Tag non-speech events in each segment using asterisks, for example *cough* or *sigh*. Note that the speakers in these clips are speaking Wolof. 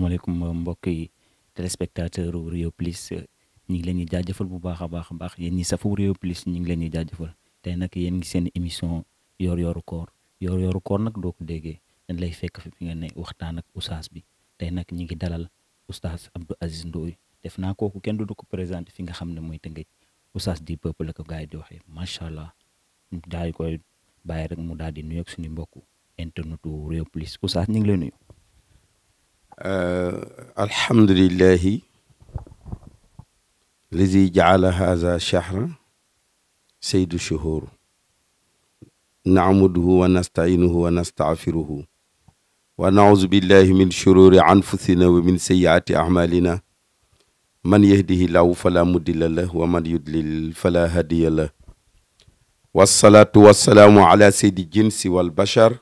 asalaamaaleykum euh, mbokk yi téléspectateur Rio Plus euh, ñu ngi leen di jaajëfal bu baax a baax a baax yéen ñi safu Rio Plus ñu ngi leen di jaajëfal tey nag yéen ngi seen émission yor-yoru koor yor-yoru koor nag doo ko déggee dañ lay fekk fi nga ne waxtaan ak oustaz bi tey nag ñu ngi dalal oustaz Abdou Aziz Ndoye def naa kooku kenn du ko présenté fi nga xam ne mooy Tëngéej oustaz di peuple la ko gars yi di waxee macha allah daay koy bàyyi rek mu daal di nuyu ak suñu mbokk internetu Rio Plus oustaz ñu ngi lay nuyu. Euh, alhamdulillahi lazi jaala haza shahra saydu shuhur nacmuduhu wa nastacinuhu wa nastacfiruhu wa naudu billahi min shururi anfusina wa min sayyiaati acmalina man yahdihi llahu fala mudilla lah wa man yudlil fala hadiya lah wassalaatu wassalaamu ala saydi jinsi walbachar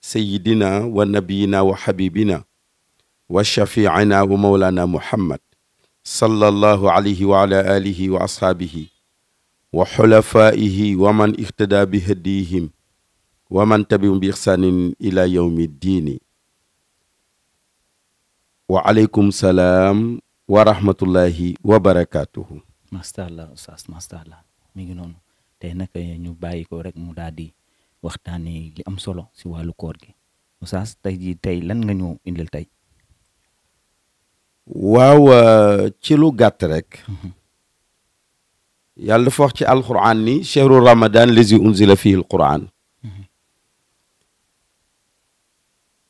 sayidina wa nabiyina wa xabibina wa shafiina wa mawlana muhammad sallallahu alayhi wa ala wa ashaabihi wa xulafaihi wa man ihtada bi hadiyihim wa man tabium bi ixsaanin ila yawmi ddiini wa aleykum salaam wa rahmatullahi wa barakaatuhu mastallah oustaz mi ngi noonu tey nag ñu bàyyi ko rek mu daal di gi li am solo si wàllu koor gi oustaz tey ji tey lan nga ñëw indil tey waaw euh, ci lu gàtt rek mm-hmm. yàlla dafa wax ci alquran ni chehru ramadan lazi unzila fihi alquran mm-hmm.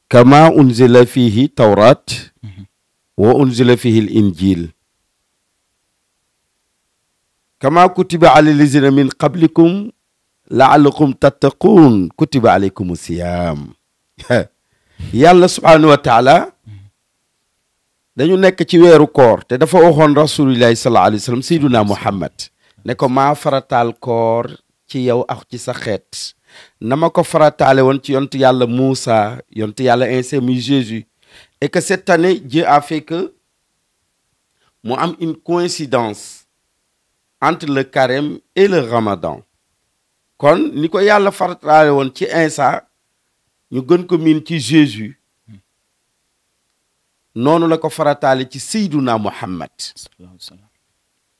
kama unzila fihi tawrat mm-hmm. wa unzila fihi al injil kama kutiba ala lazina min qablikum laallakum tattaquun kutiba alaykum siyam *laughs* yàlla subhanahu wa taala dañu nekk ci weeru koor te dafa waxoon rasulillahi sallallahu alayhi wa sallam muhammad ne ko maa farataal koor ci yow ak ci sa xeet na ma ko farataale woon ci yontu yàlla Moussa yontu yàlla Iisa muy Jésus et que cette année Dieu a fait mu am une coïncidence entre le carême et le ramadan kon ni yàlla farataale woon ci Iisa ñu gën ko miin ci Jésus noonu la ko farataale ci seyduna muhammad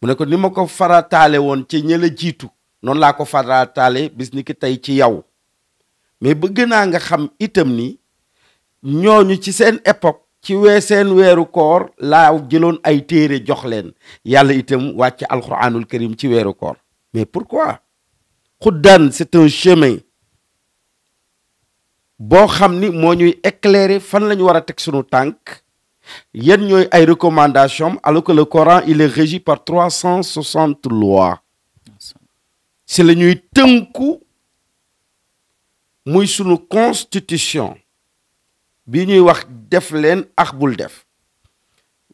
mu ne ko ni ma ko farataale woon ci ña jiitu noonu laa ko farataale bis ni tey ci yow mais bëgg naa nga xam itam ni ñooñu ci seen époque ci wee seen weeru koor laa jëloon ay téere jox leen yàlla itam wàcc alquranul karim ci weeru koor mais pourquoi xuddaan c'est un chemin boo xam ni moo ñuy éclairer fan lañu ñu war a teg sunu tànk yan ñooy ay recommandation alors que le Coran il est régi par trois cent soixante lois si la ñuy tënku muy sunu constitution bi ñuy wax def leen ak bul def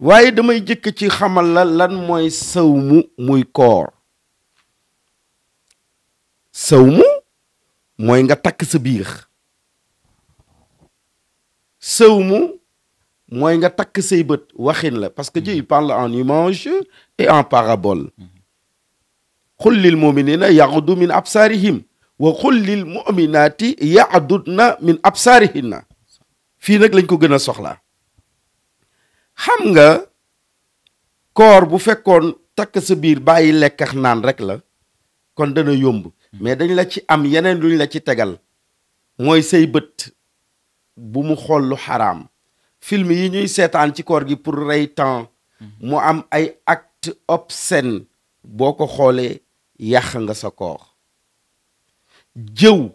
waaye damay jëkk ci xamal la lan mooy sawmu muy koor sawmu mooy nga takk sa biir sawmu mooy nga takk say bët waxin la parce que Dieu il parle en image et en parabole qul lil muminina yaghuddu min absaarihim wa qul lil muminati yaghdudna min absaarihinna fii nag lañ ko gën a soxla xam nga koor bu fekkoon takk sa biir bàyyi lekk ak naan rek la kon dana yomb mais dañ la ci am yeneen luñ la ci tegal mooy say bët bu mu xool lu xaraam film yi ñuy seetaan ci koor gi pour rey temps mu am ay acte obscène boo ko xoolee yàq nga sa koor jëw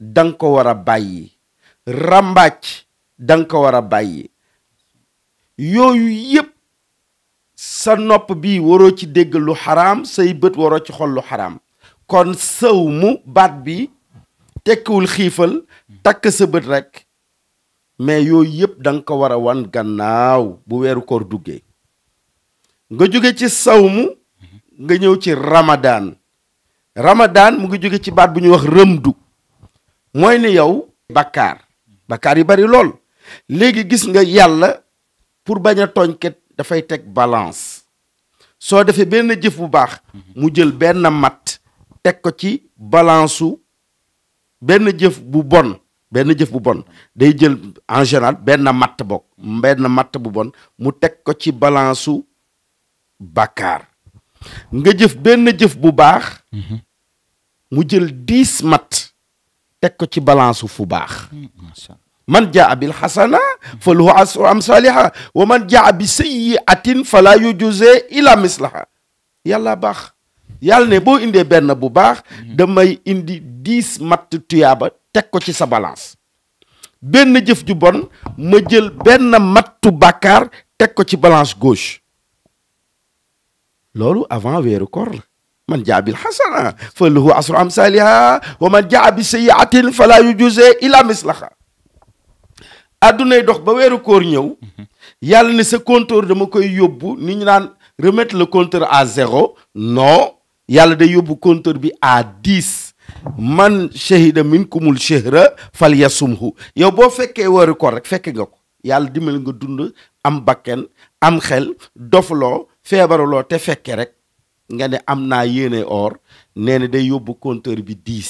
dang ko war bàyyi ràmbaaj danga ko war a bàyyi yooyu yépp sa nopp bi waroo ci dégg lu xaraam say bët waroo ci xol lu xaraam kon sëw mu baat bi tekkiwul xiifal takk sa bët rekk mais yooyu yëpp danga ko war a wan gannaaw bu weeru koor duggee nga jóge ci sawmu nga ñëw ci ramadaan ramadaan mu ngi jóge ci baat bu ñuy wax rëmdu mooy ni yow bakkaar bakkaar yu bari lool léegi gis nga yàlla pour bañ a tooñkat dafay teg balance soo defee benn jëf bu baax mu jël benn mat teg ko ci balansu benn jëf bu bon benn jëf bu bon day jël en général benn matt bo benn matt bu bon mu teg ko ci balance su nga jëf benn jëf bu baax mhm. mu jël dix matt teg ko ci balansu su fu baax hmm, man jaa bil xasana fa lahu am saliha wa man jaa bi sayyiatin fala yujuse ila mislaha yàlla baax yàlla ne boo indee benn bu baax hmm. damay indi dix matt tuyaaba teg ko ci sa balance benn jëf ju bon ma jël benn mattu bàkkaar teg ko ci balance gauche loolu avant weeru koor la man jaa bil xasana fa lahu asru amsaliha wa man jaa bi sayiatin fala yujuse ila mislaha addunay dox ba weeru koor ñëw yàlla ne sa compteur dama koy yóbbu ni ñu naan remettre la compteur à zéro non yàlla day yóbbu compteur bi à dix man shahida minkumul shahra falya yasumhu yow boo fekkee weeru ko rek fekke nga ko yàlla dimbali nga dund am bakken am xel dofuloo feebaruloo te fekke rek nga ne am naa yéene or nee na day yóbbu compteur bi dix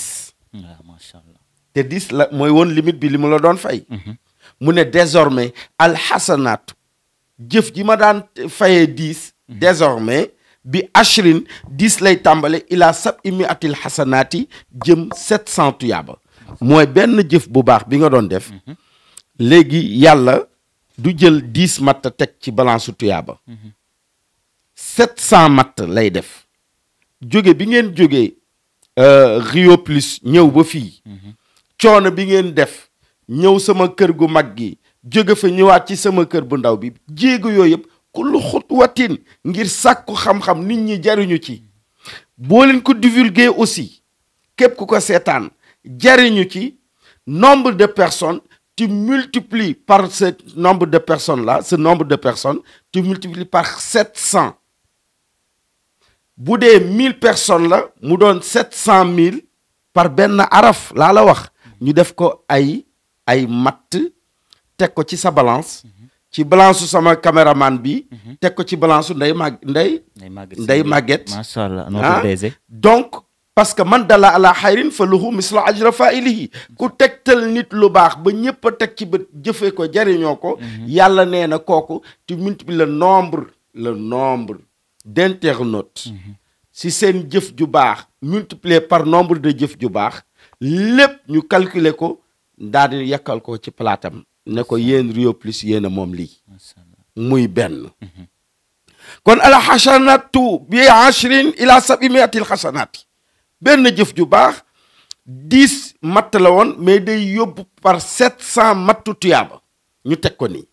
allah te dix la mooy won limite bi li mu la doon fay mhm. mu ne désormais alxasanaatu jëf ji ma daan fayee dix mhm. désormais bi ashrin dix lay tàmbale ila sabi miatil xasanaati jëm sept cent tuyaaba mooy benn jëf bu baax bi nga doon def léegi yàlla du jël dix matt teg ci balance tuyaaba sept cent matt lay def jóge bi ngeen jógee euh, Rio Plus ñëw ba fii coono bi ngeen def ñëw sama kër gu mag gi jóge fa ñëwaat ci sama kër bu ndaw bi jéego yooyu yëpp kullu xutwatin ngir sàkku xam-xam nit ñi jariñu ci boo leen ko divulguer aussi képp ku ko seetaan jariñu ci nombre de personnes tu multiplies par ce nombre de personnes la ce nombre de personnes ti multiplies par 700 bu dee 1000 personnes la mu doon 700000 par benn araf laa la wax ñu def ko ay ay matt teg ko ci sa balance ci balance su sama caméraman bi. Mhm. teg ko ci balance su ndey mag ndey. ndey màgget macha allah ah. donc. parce que man dala ala xayrin fa lahu mislu ajra failihi ku tegtal nit lu baax ba ñépp a teg ci bët jëfee ko jariñoo ko mhm. yàlla nee na kooku tu multiplies le nombre la nombre d'internautes mhm. si seen jëf ju baax multiplié par nombre de jëf ju baax lépp ñu calculer ko daal di ko ci palaatam ne ko yéen Rio yéen a moom lii muy benn mhm. kon alxasanatu bi ashrin ila sabi miatil xasanaati benn jëf ju baax dix matt la woon mais day yóbbu par sept cent mattu tuyaaba ñu teg ko nii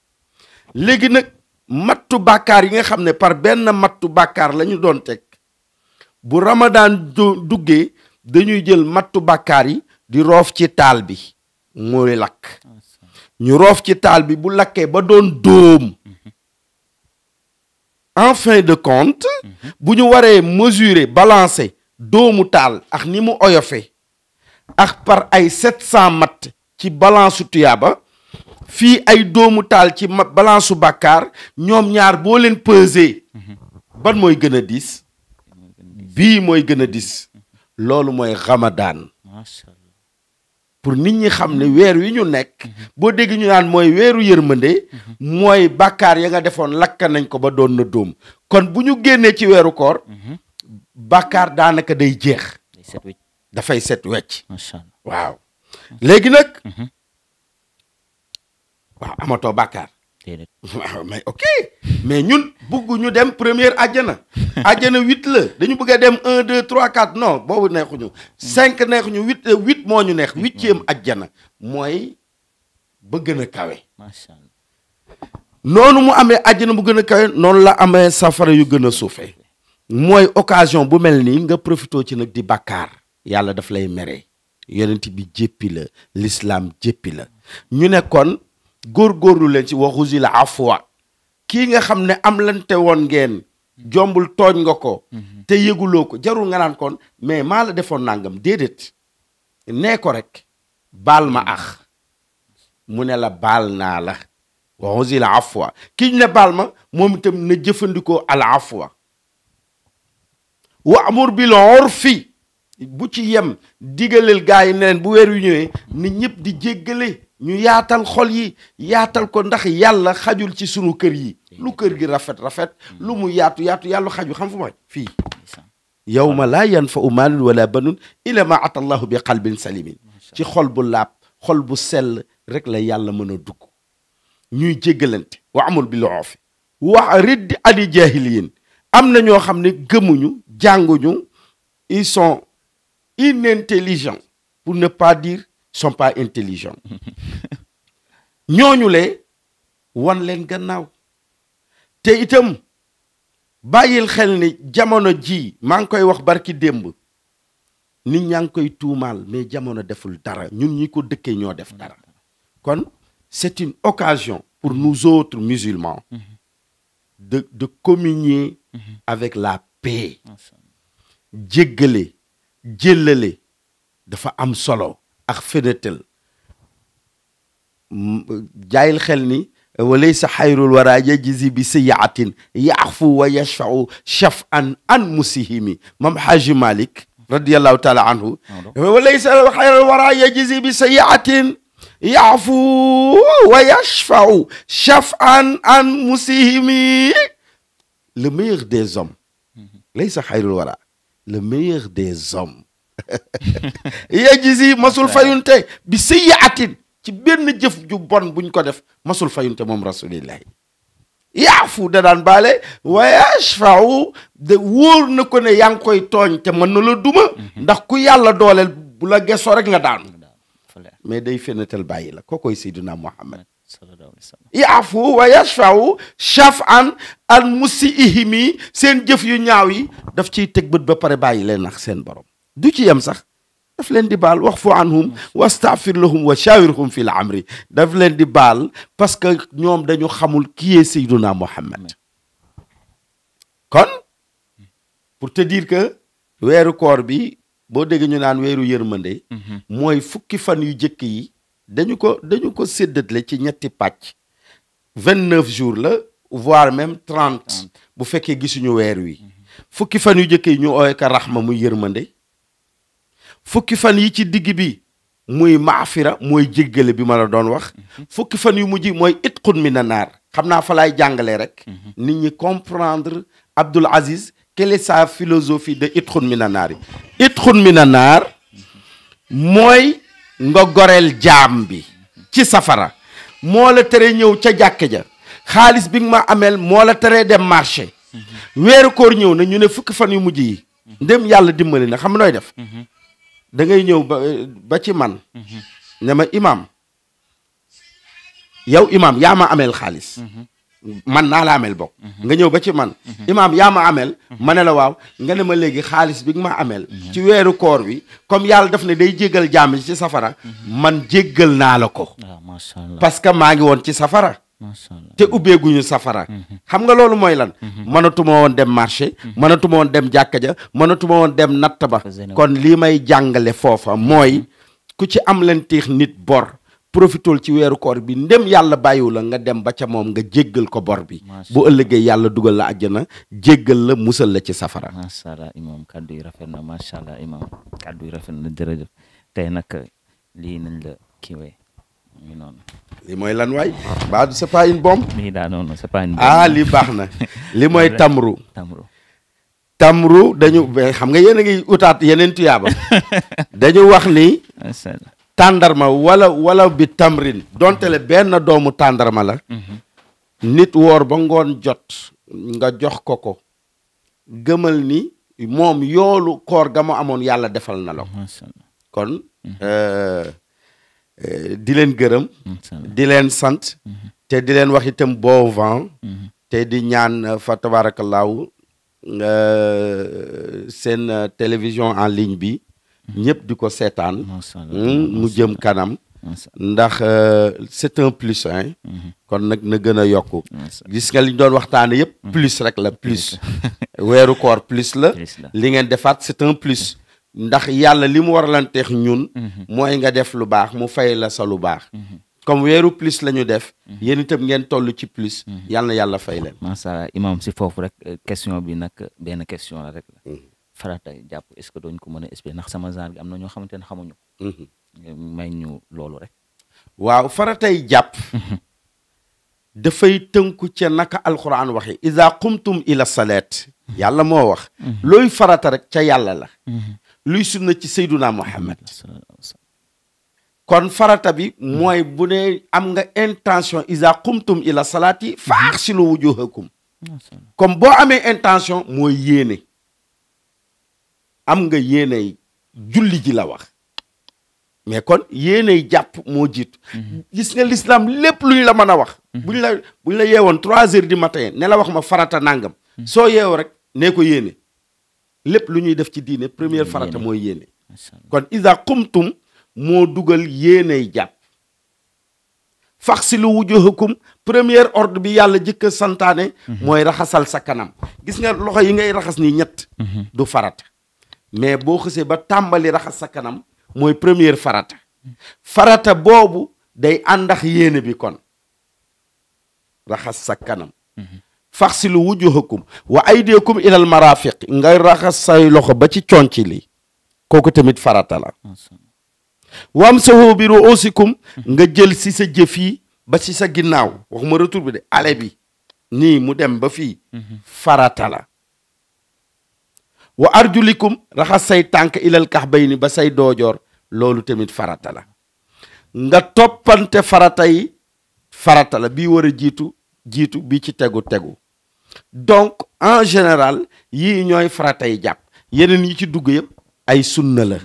léegi nag mattu bàkkaar yi nga xam ne par benn mattu bàkkaar lañu doon teg bu ramadaan duggee dañuy jël mattu bàkkaar yi di roof ci taal bi muy lakk ñu roof ci taal bi bu lakkee ba doon dóom en fin de compte bu ñu waree mesurer balancer dóomu taal ak ni mu oyofe ak par ay 700 mat ci balance su tuyaaba fii ay dóomu taal ci balance su bàkkaar ñoom ñaar boo leen peser ban mooy gën a diis bii mooy gën a diis loolu mooy ramadaan pour nit ñi xam ne weer wi ñu nekk boo dégg ñu naan mooy weeru yërmande mooy bàkkaar ya nga defoon lakka nañ ko ba doon na doom kon bu ñu génnee ci weeru koor mhm. bàkkaar daanaka day jeex dafay set wecc waaw léegi nag mhm. waaw amatoo bàkkaar waaw mais ok mais ñun bugg ñu dem première àjjana *laughs* àjjana huit la dañu bugg a dem un deux trois quatre non boobu neexuñu cinq neexuñu huit euh, huit moo ñu neex huitième mm-hmm. àjjana mooy ba gën kawe macha allah noonu mu amee àjjana bu gën a kawe noonu la amee safara yu gën a suufee mooy occasion bu mel nii nga profitoo ci nag di bàkkaar yàlla daf lay mere yonent bi jéppi la l'islam jéppi la ñu nekkoon góorgóorlu leen ci la afwa kii nga xam ne am lante woon ngeen jombul tooñ nga ko mhm. te yëguloo ko jarul nga naan kon mais maa la defoon nangam déedéet nee ko rek baal ma mhm. ax mu ne la baal naa la waxusil afwa kii ne baal ma moom itam na jëfandikoo al afwa wa amur bil urfi bu ci yem digaleel gaa yi ne bu weer yu ñëwee nit ñëpp di jéggale ñu yaatal xol yi yaatal ko ndax yàlla xajul ci sunu kër yi lu kër gi rafet rafet lu mu yaatu yaatu yàlla xaju xam fu ma fii yawma laa yanfau maalun wala banun ila ma ata allahu bi qalbin salimin ci xol bu laab xol bu sell rek la yàlla mën a dugg ñuy jéggalante wa amul bi loofi wax riddi ani jaahiliyin am na ñoo xam ne gëmuñu jànguñu ils sont inintelligents pour ne sont pas intelligents ñooñu le wan leen gannaaw te itam bayil xel ni jamono ji maa ngi koy wax barki démb nit ñaa ngi koy tuumaal mais jamono deful dara ñun ñi ko dëkkee ñoo def dara kon c'est une occasion pour nous autres musulmans mm -hmm. de de communier mm -hmm. avec la paix jéggale jëllale dafa am solo ak fédatal jaayil xel ni walaysa xayrul wara yajzi bi sayaatin yaafu wa yashfau shafan an musihimi mam xaaji malik radiallahu taala anhu walaysa xayrul wara yajzi bi sayaatin yaafu wa yashfau shafan an musihimi le meilleur des hommes mm-hmm. laysa xayrul wara le meilleur des hommes *laughs* si masul fayunte bi sayyi'atin ci benn jëf ju bon buñ ko def masul fayunte moom rasulillahi yaafu da daan baale waaye de wóor na ko ne yaa ngi koy tooñ te mën na la duma mhm. ndax ku yàlla dooleel bu la gesoo rek nga daanu mais day fenatal bàyyi la kookoy sayduna muhammad yaafu wa yashfau shaf an al musi ihimi seen jëf yu ñaaw yi daf ciy teg bët ba pare bàyyi leen nax seen borom du ci yem sax daf leen di baal wax fu anhum wastaghfir lahum wa shawirhum fil amri daf leen di baal parce que ñoom dañu xamul kii est Seyduna Muhammad kon pour te diir que weeru koor bi boo déggee ñu naan weeru yërmande mhm. mooy fukki fan yu jëkk yi dañu ko dañu ko séddatle ci ñetti pàcc vingt neuf jours la voir même trent bu fekkee gisuñu weer wi mhm. fukki fan yu jëkk yi ñu ooye ka raxma muy yërmande fukki fan yi ci digg bi muy maafira mooy jéggale bi ma la doon wax mhm. fukki fan yu mujj yi mooy itqun mi na naar xam naa fa laay jàngalee rek mhm. nit ñi comprendre Abdul Aziz quelle est sa philosophie de itqun mi na naar yi itqun mi na naar mooy nga goreel jaam bi ci safara moo la tere ñëw ca jàkke ja xaalis bi ma ameel moo la tere dem marché mhm. weeru koor ñëw na ñu ne fukki fan yu mujj yi ndem yàlla dimbali na xam nooy def da ngay ñëw ba ba ci man. Mm-hmm. ne ma imaam yow imaam yaa ma ameel xaalis. Mm-hmm. man naa la ameel bokk. Mm-hmm. nga ñëw ba ci man. imaam yaa ma ameel. ma ne la waaw nga ne ma léegi xaalis bi nga ma ameel. ci weeru koor wi comme yàlla def ne day jéggal jaam ci safara. man jéggal naa la ko. Ah, parce maa ngi woon ci safara. macha te ubbeeguñu safara. Mhm. xam nga loolu mooy lan. Mhm. mënatuma woon dem marché. Mhm. mënatuma woon dem jàkka ja mënatuma woon dem nattaba ba. kon lii may jàngale foofa mooy ku ci am leen tiix nit bor. profitool ci weeru koor bi ndem yàlla bàyyiwu la nga dem ba ca moom nga jéggal ko bor bi bu ëllëgee yàlla dugal la àjjana jéggal la musal la ci safara macha allah imam kàddu yi rafet na macha allah imam kàddu yi rafet na mi li mooy lan waay mbaa mi daa noonu c'est pas une ah, bombe baax na li mooy *laughs* tamru tamru tamru dañu xam nga yéen a ngi utaat yeneen tuyaaba *laughs* dañu wax li tàndarma wala wala bi tamrin donte le benn doomu tàndarma la mhm. nit woor ba ngoon jot nga jox ko ko gëmal ni moom yoolu koor ga mu amoon yàlla defal na la Euh, di leen gërëm di leen sant te di leen wax itam bon vent te di ñaan euh, fa tabaarakallaahu euh, seen télévision en ligne bi ñëpp di ko seetaan hmm, mu jëm kanam ndax c'est un plus hein mhm. kon nag na gën a yokk gis nga li ñu doon waxtaane yëpp mhm. plus rek la plus *laughs* weeru koor plus la li ngeen defaat c'est un plus ndax yàlla li mu war lanteex ñun mhm. mooy nga def lu baax mu fay la sa lu baax mhm. comme weeru plus la ñu def mhm. yéen ngeen toll ci plus yàlla yàlla fay leen macha allah imam si foofu rek euh, question bi nag benn question la rek la jàpp est ce que dooñ ko mën a expliquer ndax sama genre am na ñoo xamante ne xamuñu may ñu loolu rek waaw faratay jàpp dafay tënku ca naka alquran waxe iza qumtum ila salet yàlla moo wax looy farata rek ca yàlla la luy sunna ci sayduna muhammad kon farata bi mooy bu ne am nga intention isa qumtum ila salaati faaxsilu wujuhakum comme boo amee intention mooy yéene am nga yéeney julli ji la wax mais kon yéeney jàpp moo jiitu mhm. gis nga l'islam lépp luy la mën a wax mhm. buñ la buñ la yeewoon trois heures di matin ne la wax ma farata nangam mhm. soo yeewoo rek nee ko yéene lépp lu ñuy def ci diine première farata mooy yéene kon isa qumtum moo dugal yéeney jàpp faxsilu wujuhakum première ordre bi yàlla jëkk santaane mhm. mooy raxasal sa kanam gis nga loxo yi ngay raxas ni ñett mhm. du farata mais boo xësee ba tàmbali raxas sa kanam mooy première farata farata boobu day àndax yéene bi kon raxas sa kanam mhm. fax si faxsilu wujuhakum wa aydiyakum ilal marafiq ngay raxas say loxo ba ci conc li kooku tamit farata la wamsahu bi ruusikum nga jël si sa jëf yi ba si sa ginnaaw waxuma retour bi de ale bi nii mu dem ba fii mhm. farata la wa arjulikum raxas say tànk ilal ni ba say doojoor loolu tamit farata la nga toppante farata yi farata la bii war jiitu jiitu bii ci tegu tegu donc en général yi ñooy farata yi jàpp yeneen yi ci dugg yëpp ay sunna la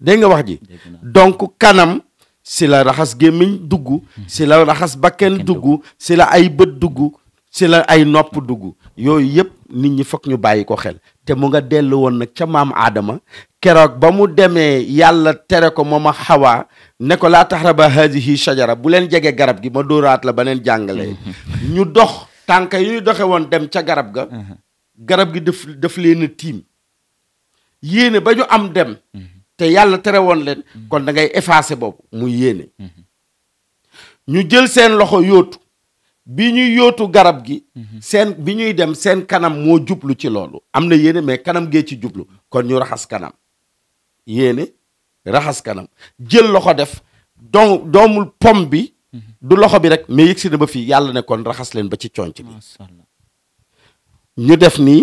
dégg nga wax ji donc kanam si la raxas gémmiñ dugg si la raxas ba kenn dugg si la ay bët dugg si la ay nopp dugg yooyu yëpp nit ñi foog ñu bàyyi ko xel te mu nga dellu woon nag ca maam aadama keroog ba mu demee yàlla tere ko moom ma xawaa ne ko laa taxraba haadihi shajara bu leen jege garab gi ma dóoraat la beneen jàngale *laughs* ñu dox tànk yi ñu doxe woon dem ca garab ga mhm. garab gi daf daf leen tiim yéene ba ñu am dem mhm. te yàlla tere woon leen mhm. kon da ngay effacer boobu mu yéene ñu jël seen loxo yóotu bi ñuy yóotu garab gi seen bi ñuy dem seen kanam moo jublu ci loolu am na yéene mais kanam gee ci jublu kon ñu raxas kanam yéene raxas kanam jël loxo def doomul pom bi du loxo bi rek mais yëgsi na ba fii yàlla ne kon raxas leen ba ci conc bi ñu def nii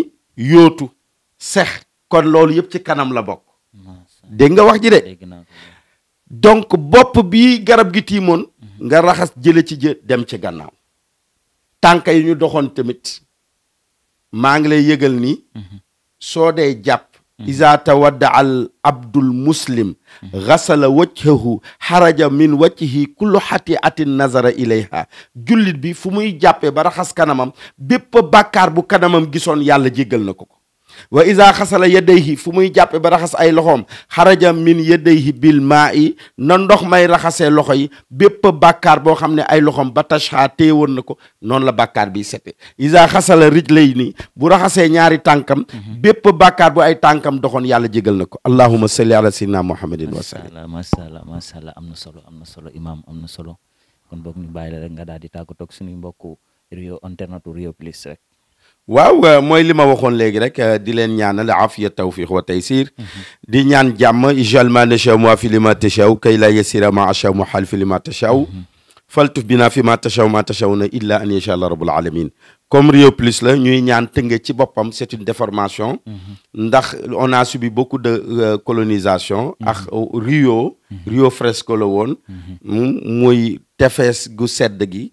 yootu sex kon loolu yëpp ci kanam la bokk dégg nga wax ji de donc bopp bi garab gi tiimoon mhm. nga raxas jële ci jë dem ci gannaaw tànk yi ñu doxoon tamit maa ngi lay yëgal ni mhm. soo dee jàpp Mm-hmm. ida tawadda al abdul muslim mm-hmm. gasala wajhahu xaraja min wajhihi kullu xati atin nazara ilayha jullit bi fu muy jàppee ba raxas kanamam bépp bàkkaar bu kanamam gisoon yàlla jéggal na ko ko wa isa xasala yadayhi fu muy jàppe ba raxas ay loxoom xaraja min yadayhi bil maa i na ndox may raxasee loxo yi bépp bàkkaar boo xam ne ay loxoom ba tasha téewoon na ko noonu la bàkkaar bi sete isa xasala rijlay ni bu raxasee ñaari tànkam mhm. bépp bàkkaar bu ay tànkam doxoon yàlla jégal na ko allahuma salli ala sayyidina muhammadin wa sallam masha allah masha allah am na solo am na solo imam am na solo kon boog ñu bàyyi la rek nga daal di tàggatoo ak suñu mbokku Rio internet Rio Plus waaw euh, mooy li ma waxoon léegi rek euh, di leen ñaanal afiya tawfiq wa taysir mhm. di ñaan jàmm ijal ma nasha ma fi lima tashaw kay la yasira ma asha mu xal fi lima tashaw mhm. faltuf bina fi ma tashaw ma tashaw na illa an yasha allah rabbul alamin comme Rio Plus la ñuy ñaan tënge ci boppam c'est une déformation mhm. ndax on a subi beaucoup de euh, colonisation ak Rio fresco la muy tefes gu sedd gi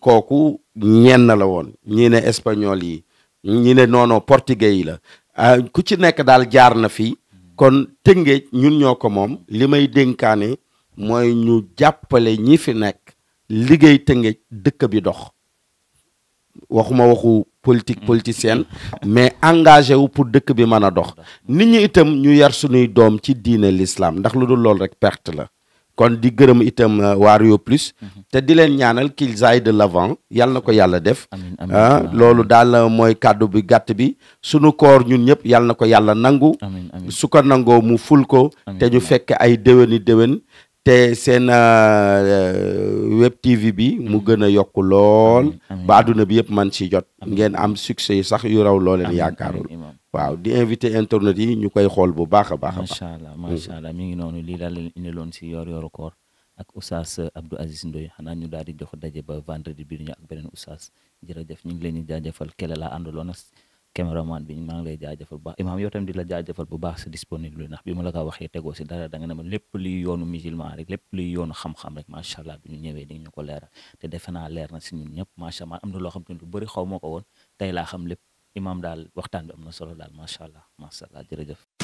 kooku ñenn la woon ñii ne espagnol yi ñii ne noono portugais yi la ah, ku ci nekk daal jaar na fi kon tëngéej ñun ñoo ko moom li may dénkaane mooy ñu jàppale ñi fi nekk liggéey tëngéej dëkk bi dox waxuma waxu politique politicienne mais engagé wu pour dëkk bi mën a dox nit ñi itam ñu yar suñuy doom ci diine lislaam ndax lu dul loolu rek perte la kon di gërëm itam euh, waa Rio Plus mhm. te di leen ñaanal qu'ils aillent de l'avant yal na ko yàlla def ah loolu daal euh, mooy kàddu bi gàtt bi sunu koor ñun ñëpp yal na ko yàlla nangu su ko nangoo mu ful ko te ñu fekk ay déwéni déwén te seen euh, euh, web TV bi mu mm-hmm. gën a yokk lool ba àdduna bi yëpp man si jot ngeen am succès yi sax yu raw loo leen yaakaarul waaw di invité internet yi ñu koy xool bu baax a baax a baax macha allah macha allah mi ngi noonu lii daal leen indiloon si yoor yooru koor ak oustaz Abdou Aziz Ndoye xanaa ñu daal di jox daje ba vendredi bi ñu ak beneen oustaz jërëjëf ñu ngi leen di jaajëfal kele laa àndaloon cameraman bi maa ngi lay jaajëfal bu baax imaam yow di la jaajëfal bu baax sa disponible ndax bi ma la ko waxee tegoo si dara da nga ne ma lépp luy yoonu musulman rek lépp luy yoonu xam-xam rek macha allah bi ñu ñëwee di ñu ko leeral te defe leer na si ñëpp macha allah am na loo xam te lu bëri xaw ma woon tey laa xam imaam daal waxtaan bi am na solo daal macha allah macha allah